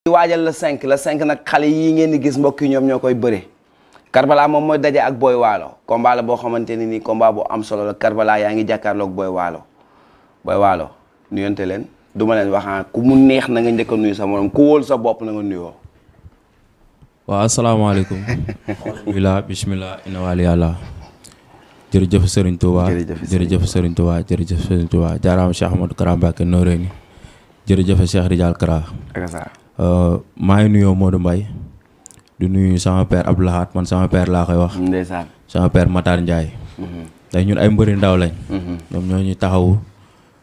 di waajal la 5 la 5 nag xale yi ngeen di gis mbokk yi ñoom ñoo koy bëre Karbala moom mooy daje ak Boy Waalo combat boo xamante ni nii combat bu am solo la Karbala yaa ngi jàkkaarloog Boy Waalo Boy Waalo nuyonte leen duma ma leen waxaan ah, ku mu neex na nga njëkk a nuyu sa morom ku wóol sa bopp na nga nuyoo. waaw asalaamaaleykum. alhamdulilah bisimilah inna wali yàlla. jërëjëf Serigne Touba jërëjëf Serigne Touba jërëjëf Serigne Touba jaaraama Cheikh Ahmadou Kara Mbacké Noreyni jërëjëf Euh, maa ngi nuyoo Modou mbay di nuyu sama ab Abdoulahat man sama père laa koy wax. ndeysaan sama père Matar Ndiaye. Mhm. tey ñun ay mbëri ndaw lañ. Mhm. ñoom ñoo ñu taxawu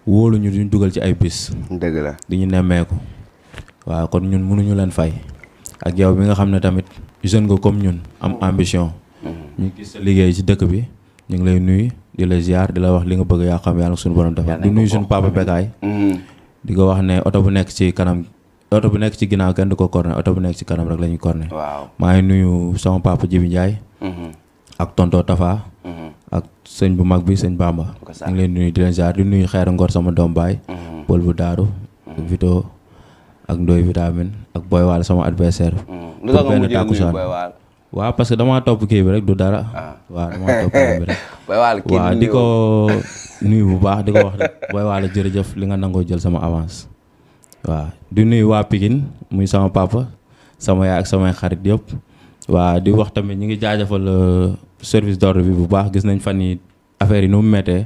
wóolu ñu duñ dugal ci ay bis. dëgg la di ñu nemmeeku. waaw kon ñun mënuñu leen fay. ak jaw bi nga xam ne tamit jeune nga comme ñun am mhm. ambition. ñu gis sa liggéey ci dëkk bi ñu ngi lay nuyu di la ziar di la wax li nga bëgg yaa xam yàlla suñu borom defal. di nuyu suñu papa Bekaay. di ko wax ne oto bu nekk ci kanam. oto bu nekk ci ginnaaw kenn du ko corné oto bu nekk ci kanam rek la ñuy corné. maa ngi nuyu sama papa Jibi Ndiaye. Mm-hmm. ak tonto Tafa. Mm-hmm. ak sëñ bu mag bi sëñ Bamba. ñu ngi leen nuyu di leen jaar nuyu xeer ngor sama doom baay. Mm-hmm. Paul bu Daaru. Vito ak Ndoy vitamine ak Boy Waal sama adversaire. lu tax nga damaa topp kii bi rek du dara. Ah. waaw damaa topp kii rek. Boy Waal kii bu baax di ko wax rek Boy jërëjëf li nga nangoo jël sama avance. waaw di nuyu waa Pikine muy sama papa sama yaay ak samay xarit yëpp waa di wax tamit ñu ngi jaajëfal euh, service d'ordre bi bu baax gis nañ fan yi affaire yi nu mu méttee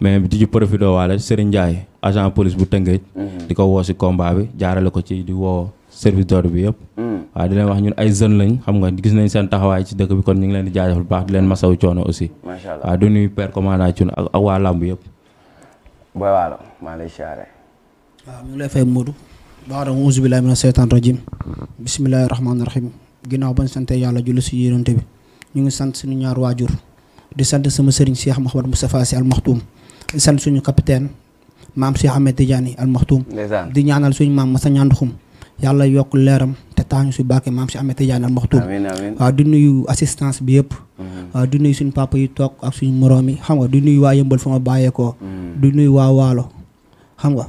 mais di ci profité waale Serigne Ndiaye agent police bu Tëngéej. Mm-hmm. di ko woo si combat bi jaarale ko ci di woo service d'ordre bi yëpp. Mm-hmm. waaw di leen wax ñun ay jeunes lañ xam nga gis nañ seen taxawaay ci dëkk bi kon ñu ngi leen di jaajëfal bu baax di leen masawu coono aussi. macha allah waaw di nuyu père commandant ak waa làmb yëpp. waaw mu ngi lay fay Modou baada auzu billahi mina seytaan rajim bismillahi rahmaani rahim ginnaaw bañ sante yàlla julli si yonent bi ñu ngi sant suñu ñaar waajur di sant sama sëriñ Cheikh Mouhamed Moustapha Sy Al Maktoum di sant suñu capitaine maam Cheikh Ahmed Tidiane Al Maktoum di ñaanal suñu maam Massa Ñanduxum yàlla yokk leeram te taañu si bàkke maam Cheikh Ahmed Tidiane Al Maktoum waaw di nuyu assistance bi yëpp mhm. waaw di nuyu suñu papa yi toog ak suñu moroom yi xam nga di nuyu waa yëmbal fa ma bàyyeekoo mhm. di nuyu waa waalo xam nga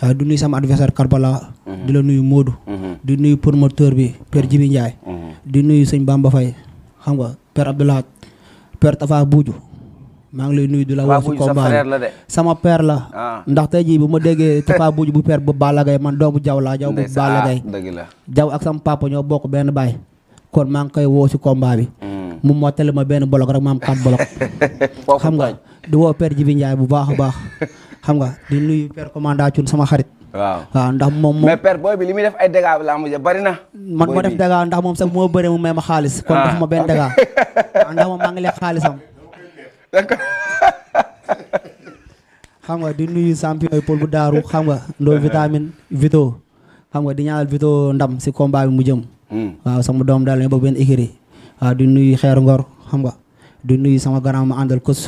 waaw euh, du nuy sama adversaire Karbala. Mhm. di la nuyu Modou. Mhm. di nuyu pour promoteur bi Père mhm. Jibi Ndiaye. di nuyu sëñ Bamba Faye xam nga Père Abdoulaye Père Tafa Buuju maa ngi lay nuyu di la wax ci combat sama per la ah. ndax tey jii bu ma déggee Tafa Buuju bu per bu Balla Gaye man doomu Jaw laa Jaw bu Balla Gaye Jaw ak sama papa ñoo bokk benn baay kon maa ngi koy woo si kombaa bi mm. mu mottali ma benn bolok rek ma am quatre bolok xam nga di woo Père Jibi Ndiaye bu baax a baax xam nga di nuyu père commanda cun sama xarit waaw waaw ah, ndax moom moom mais père booy bi li muy def ay dégâts laa mujj bari na man moo def dégâts ndax moom sax moo bëre mu may ma xaalis ah. kon def ma benn dégâts waaw ah, ndax xam nga di nuyu champion yi Paul bu daaru xam nga ndoo vitamine xam nga di ñaanal vito ndam si mu hmm. sama doom daal ñu bokk benn écurie waaw di nuyu xeer ngor xam nga di nuyu sama grand ma àndal kos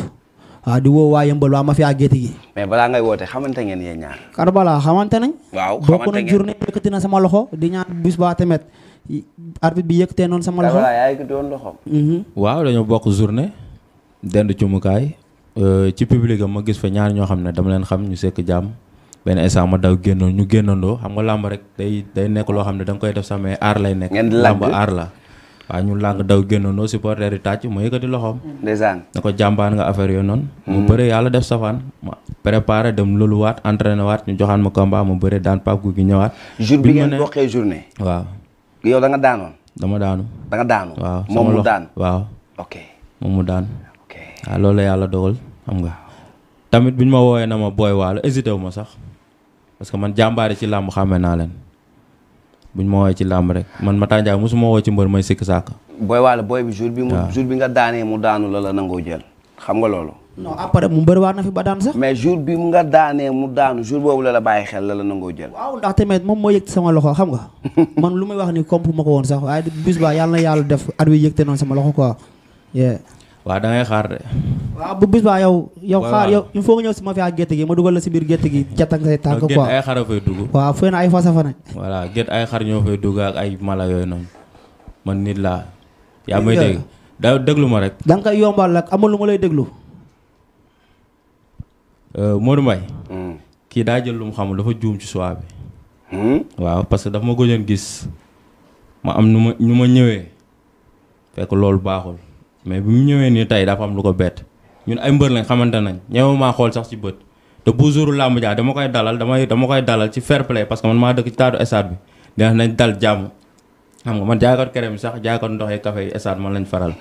waaw ah, di woo waa yëmbal waa mafia gétt gi mais balaa ngay woote xamante ngeen yéen ñaar Karbala xamante nañ waaw bokk nañ journée yëkkati na sama loxo di ñaan bis baa tamit arbitre bi yëkkatee noonu sama loxo loxo mhm. waaw dañoo bokk journée dend ci mukaay euh, ci public ma gis fa ñaar ñoo xam ne dama leen xam ñu sekk jàmm benn instant ma daw génnoon ñu génnandoo xam nga làmb rek day day nekk loo xam ne da koy def sax mais aar lay nekk làmb aar la waa ñu làng daw génnoonoo supporter yi tàcc mu yëkkati loxoom. ndeysaan na ko jàmbaan nga affaire yooyu noonu. mu mm. bëre yàlla def safaan ma préparé dem loolu waat entraîné waat ñu joxaan ma ko combat mu bëre daan Pape Gouy Gui ñëwaat. jour bi ngeen bokkee journée. waaw. yow da nga daanoon. dama daanu. da nga daanu. waaw moom mu daan waaw. ok mu daan. loolu la yàlla dogal xam nga. tamit bi ñu ma woowee na ma booy waalo hésité wu ma sax parce que man jàmbaari ci làmb xàmme naa leen. buñ ma woowee ci làmb rek man Matar Ndiaye mosuma woo ci mbër may sikk sàkk booy waale booy bi jour bi mu jour bi nga daanee mu daanu la la nangoo jël xam nga loolu non après mu bëri waat na fi ba daan sax mais jour bi mu nga daanee mu daanu jour boobu la la bàyyi xel la la nangoo jël waaw ndax tamit moom moo yëgti sama loxo xam nga man lu may wax ni comp ma ko woon sax waaye bis baa yàlla na yàlla def at wi yëgte noonu sama loxo quoi waaw da ngay xaar de. waaw bu bis baa yow. yow xaar yow il faut ñëw si ma fi ak gerte gi ma dugal la si biir gerte gi jatang say tànk quoi ay xar a fay dugg. waaw fëy ay fas a fa ne. voilà ay xar ñoo fay dugg ak ay yooyu noonu laa. yaa may ma rek. da nga lu ma lay déglu. Euh, Modou Mbaye. Hmm. kii daa jël lu mu xamul dafa juum ci choix bi. Hmm? waaw parce que dafa ma gëjoon gis ma am nu ma nu ma ñëwee fekk loolu baaxul. mais bi mu ñëwee nii tey dafa am lu ko bett ñun ay mbër lañ xamante nañ ñëw maa xool sax ci bët te bu jour làmb jaa dama koy dalal damay dama koy dalal ci fair play parce que man maa dëkk ci taatu stade bi jàmm xam nga man jaaykat kerem sax jaaykat ndox yi café yi stade man lañ faral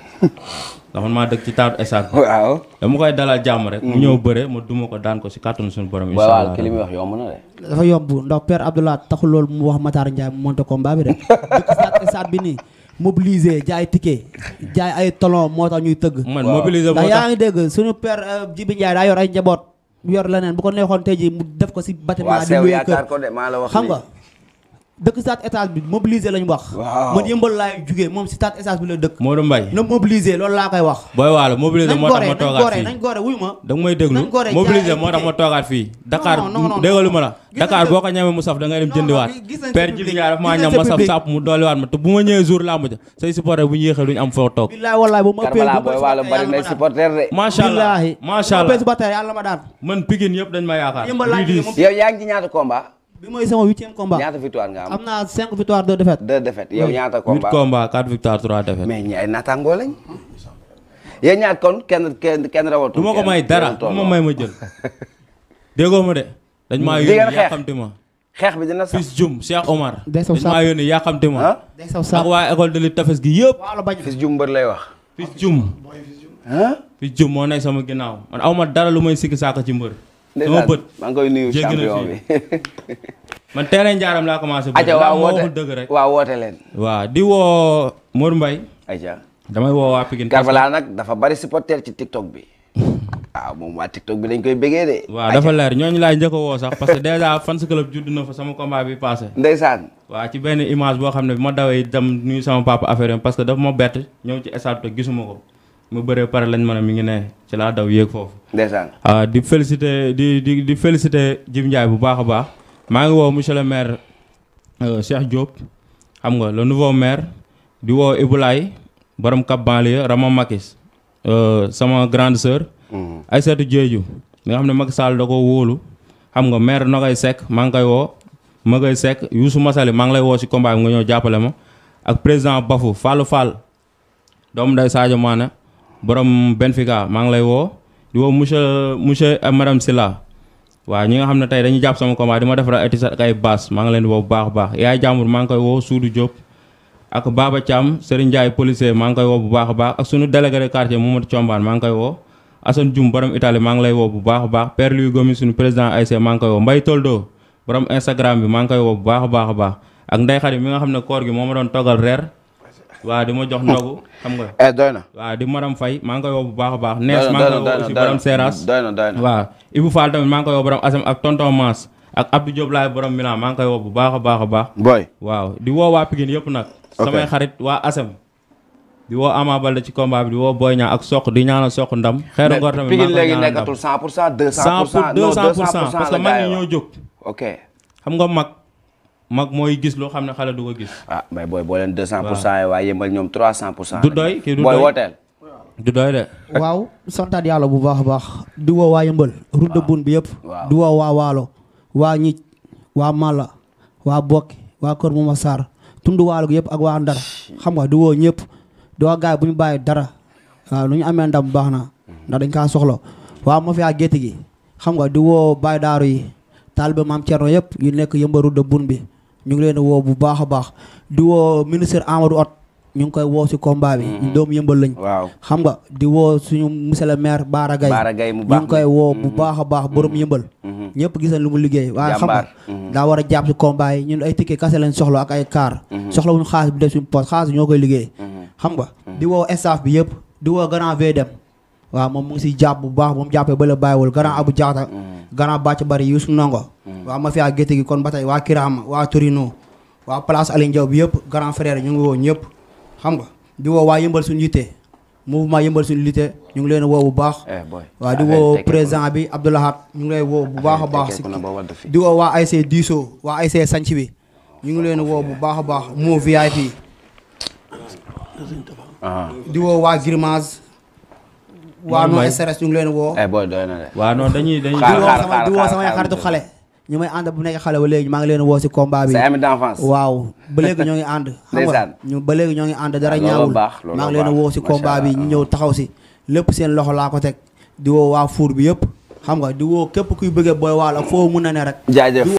ndax maa dëkk ci taatu stade bi waaw dama koy dalal jàmm rek mu mm-hmm. ñëw bëre ma duma ko daan ko si kàttanu suñu borom incha allah li muy wax yomb na de dafa yomb ndax Père Abdoulaye taxul loolu mu wax Matar Ndiaye mu monté combat bi rek dëkk stade bi nii mobiliser jaay ticket jaay ay talon moo tax ñuy tëgg. man mobiliser yaa ngi dégg suñu père euh, Jibi Ndiaye daa yor ay njaboot yor leneen bu ko neexoon tey ji mu def ko si bâtiment di luy kër xam nga dëkk stade étage bi mobiliser lañu wax. man yëmbal laay jugee moom si stade étage bi la dëkk. Modou Mbaye na mobiliser loolu laa koy wax. booy waalo mobiliser moo tax ma toogaat fii nañ gore wuy ma. da nga may déglu la. Dakar boo ko ñamee mu saf da ngay dem jëndiwaat. père Djibi Ndiaye dafa maa ñam ma saf sàpp mu dolliwaat ma te bu ma ñëwee jour làmb ja say supporter bu ñu yéexee duñu am foo toog. bilaay wallaay bu ma ëppee bu ma waalo bari na supporter de. macha bi mooy sama huitième combat. ñaata victoire nga am am naa cinq victoire deux ñaata combat huit victoire trois défaites. mais ñi ay kon kenn kenn kenn rawatul. ma ko may dara du ma may ma jël. déggoo ma de. dañ maa yónni yàqamti ma. xeex bi dina sax fils Jum Cheikh Omar. day saw sax dañ maa yónni yàqamti ma. day saw sax ak école de lutte gi yëpp. waaw la bañ fils Jum mbër lay wax. fils moo nekk sama ginnaaw man aw ma dara lu may sikki saaka ci mbër. sama bët maa ngi koy nuyu champion bi man terrain njaaram laa commencé. aja waaw woote dëgg rek waaw woote leen. waaw di woo Mor Mbaye. aja damay woo waa Pikine. Karfala nag dafa bari supporter ci TikTok bi. waaw ah, moom waa TikTok bi dañ koy bëggee de. waa dafa leer ñooñu laay njëkk a woo sax parce que déjà fans club judd na fa sama combat bi passé. ndeysaan. waaw ci benn image boo xam ne bi ma dawee dem nuyu sama papa affaire parce que dafa ma bett ñëw ci gisuma ko. mu bëree pare lañ mën a mi ngi ne ci laa daw yéeg foofu. ndeysaan ah, di félicité di di di félicité Jib Ndiaye bu baax a baax maa ngi woo monsieur le maire euh, Cheikh Diop xam nga le nouveau maire di woo Iboulaye borom Cap Banlieue Rama Makis euh, sama grande sœur. Mm-hmm. Aïssatou Diédiou nga xam ne Macky Sall da ko wóolu xam nga maire Nogay Seck maa ngi koy woo Magay Seck Youssou Massaly maa ngi lay woo si combat bi nga ñëw jàppale ma ak président Bafou Fallou Fall doomu nday Sadio borom Benfica maa ngi lay woo di woo monsieur monsieur ak euh, madame Silla ñi nga xam ne tey dañuy jàpp sama combat di ma defara ay tisat ak ay baas maa ngi leen woo bu baax baax yaay jàmbur maa ngi koy woo Suudu Diop ak Baba Thiam Serigne Ndiaye policier maa ngi koy woo bu baax a baax ak sunu délégué de quartier Momadou Thiombane maa ngi koy woo Assane Dioum borom Italie maa ngi lay woo bu baax a baax Père Louis Gomis suñu président ASC maa ngi koy woo Mbaye Toldo borom Instagram bi maa ngi koy woo bu baax a baax a baax ak Ndeye Khady mi nga xam gi moo ma doon toggal reer waaw di ma jox hmm. ndogu xam nga. eh doy na waaw di Maram Faye maa koy woo bu baax a baax. nees maa ngi koy woo aussi borom Seras. doy na doy na waaw ak tonton Maas ak Abdou Diop laay borom Milan maa ngi bu baax a baax a baax. booy waaw di woo waa Pikine yëpp nag. samay xarit waa Asam. di woo Ama Baldé ci combat bi di woo Boy Niang ak Sokh di ñaanal Sokh ndam. xeeru ngor tamit maa ngi léegi nekkatul 100 pour 100 200 pour 100 parce que mag ñi ñoo jóg. xam nga mag mag mooy gis loo xam ne xale du ko gis. ah mais booy boo leen 200 pour cent waaye yëmbal ñoom 300 pour cent. du doy kii du du doy de. waaw santaat yàlla bu baax a baax. di woo waa yëmbal. waaw route de Boune bi yëpp. waaw di woo waa Waalo. waa Ñic waa Mala waa Bokk waa Kër Mama Sarr tundu Waalo gi yëpp ak waa Ndar xam nga di woo ñëpp di woo gars bu ñu bàyyi dara waaw nu ñu amee ndam baax na ndax dañ kaa soxla waa mafia gétt gi xam nga di woo Baye Daaru yi taalibe maam Thierno yëpp yu nekk yëmbaru de bi. ñu ngi leen a woo bu baax a baax di woo ministre Amadou Hott ñu ngi koy woo si combat bi. Mm-hmm. doomu yëmbal lañ. waaw xam nga di woo suñu monsieur le maire Baara Gaye. Baara Gaye mu baax ñu koy woo bu mm-hmm. baax a baax borom mm-hmm. yëmbal. ñëpp gis lu mu liggéey. waaye xam nga daa war a jàpp si combat yi ñun ay ticket kase lañ soxla ak ay car. soxla mu xaalis bi def suñu poche xaalis ñoo koy liggéey. xam nga di woo staff bi yëpp di woo grand dem. waaw moom mu ngi si jàpp bu baax moom mu jàppee ba la bàyyiwul grand Abu Jaata mm. grand Bàcc Bari Youssou Ndongo mm. waa Mafia Gétt gi kon ba tey waa Kiraama waa Torino waa place Aline bi yëpp grand frère ñu ngi woo ñëpp xam nga di woo waa yëmbal suñu yitte mouvement yëmbal suñu yitte ñu ngi leen woo bu baax eh, waaw di ah, woo eh, président bi Abdoulahat ñu ngi lay woo bu baax a eh, baax si di woo waa ASC Diiso waa ASC Sanc bi ñu ngi leen woo bu baax a baax moo VIP ah. di woo waa Grimage waa non SRS ñu leen woo. Eh, booy doy na de. waaw non dañuy dañuy. di woo samay xaritu xale. ñu may ànd bu nekk xale ba léegi maa ngi leen woo si combat bi. sa ami d'enfance. waaw ba léegi ñoo ngi ànd. xam nga ñu ba léegi ñoo ngi ànd dara ah, ñaawul. maa ngi leen woo si combat bi ñu ñëw taxaw si. lépp seen loxo laa ko teg di woo waa fuur bi yëpp xam nga di woo képp kuy bëggee booy waal ak foo mun na ne rek. jaajëf.